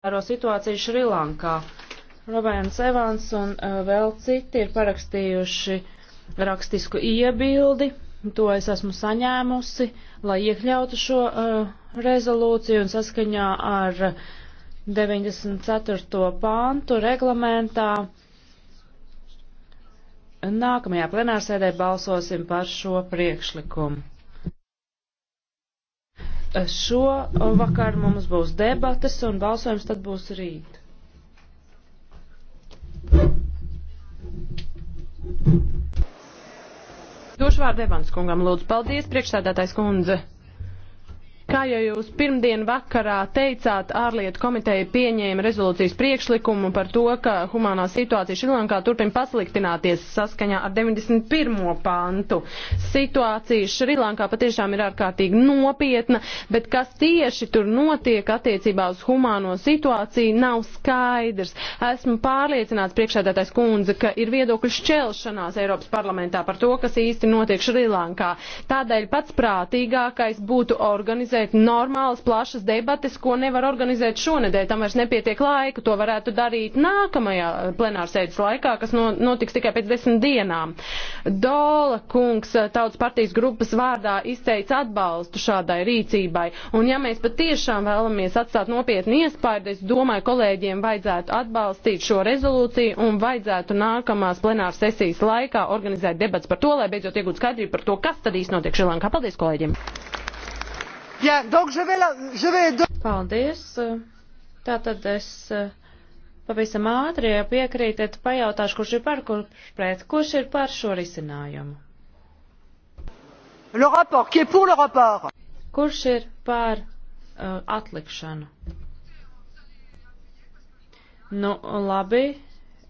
humanitāro situāciju Šrilankā. Robēns Evans un uh, vēl citi ir parakstījuši rakstisku iebildi, to es esmu saņēmusi, lai iekļautu šo uh, rezolūciju un saskaņā ar 94. pāntu reglamentā. Nākamajā plenārsēdē balsosim par šo priekšlikumu. Šo vakaru mums būs debates un balsojums tad būs rīt. Došu vārdu Evans kungam, lūdzu. Paldies, priekšsēdētājs kundze. Kā jau jūs pirmdien vakarā teicāt, ārlietu komiteja pieņēma rezolūcijas priekšlikumu par to, ka humanā situācija Šrilankā turpina pasliktināties saskaņā ar 91. pantu. Situācija Šrilankā patiešām ir ārkārtīgi nopietna, bet kas tieši tur notiek attiecībā uz humāno situāciju nav skaidrs. Esmu pārliecināts priekšēdētais kundze, ka ir viedokļu šķelšanās Eiropas parlamentā par to, kas īsti notiek Šrilankā. Tādēļ pats prātīgākais būtu organizēt organizēt normālas, plašas debates, ko nevar organizēt šonedēļ. Tam vairs nepietiek laika. To varētu darīt nākamajā plenārsēdes laikā, kas no, notiks tikai pēc desmit dienām. Dola kungs eh, tautas partijas grupas vārdā izteica atbalstu šādai rīcībai. Un ja mēs patiešām vēlamies atstāt nopietni iespēju, es domāju, kolēģiem vajadzētu atbalstīt šo rezolūciju un vajadzētu nākamās plenāras sesijas laikā organizēt debats par to, lai beidzot iegūtu skaidrību par to, kas tad īsti notiek Šrilankā. Paldies kolēģiem! Jā, donc je vais la, je vais... Paldies. Tātad es eh, pavisam ātri, ja piekrītat, pajautāšu, kurš ir par, kurš pret, kurš ir par šo risinājumu. Le rapport, qui est pour le rapport? Kurš ir par uh, atlikšanu? Nu, labi,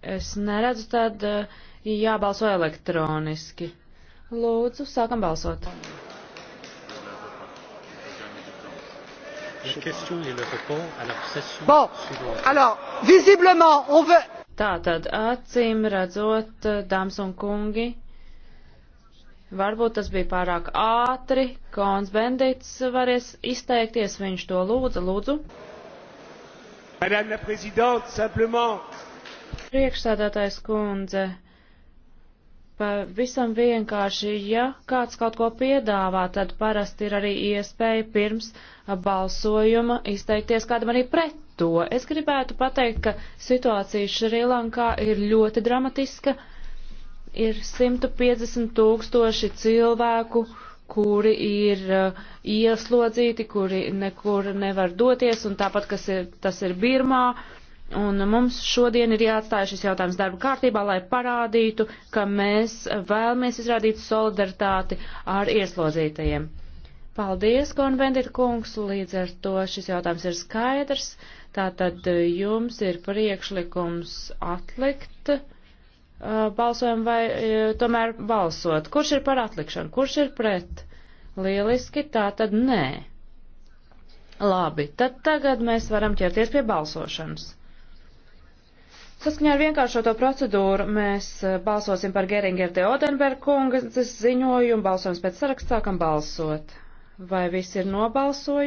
es neredzu, tad uh, jābalso elektroniski. Lūdzu, sākam balsot. Bon, alors, visiblement, on veut. Tātad, acīm redzot, dāmas un kungi, varbūt tas bija pārāk ātri, Kons Bendits varēs izteikties, viņš to lūdza, lūdzu. Madame la Présidente, simplement. Priekšsādātājs kundze pavisam vienkārši, ja kāds kaut ko piedāvā, tad parasti ir arī iespēja pirms balsojuma izteikties kādam arī pret to. Es gribētu pateikt, ka situācija Šrilankā ir ļoti dramatiska. Ir 150 tūkstoši cilvēku, kuri ir uh, ieslodzīti, kuri nekur nevar doties, un tāpat, kas ir, tas ir Birmā. Uh, Un mums šodien ir jāatstāj šis jautājums darba kārtībā, lai parādītu, ka mēs vēlamies izrādīt solidaritāti ar ieslodzītajiem. Paldies, konvendita kungs, līdz ar to šis jautājums ir skaidrs. Tātad jums ir priekšlikums atlikt uh, balsojumu vai uh, tomēr balsot. Kurš ir par atlikšanu, kurš ir pret? Lieliski, tātad nē. Labi, tad tagad mēs varam ķerties pie balsošanas. Saskaņā ar vienkāršoto procedūru mēs eh, balsosim par Geringer de Odenberg kungas ziņojumu, balsojums pēc sarakstā, kam balsot. Vai visi ir nobalsojuši?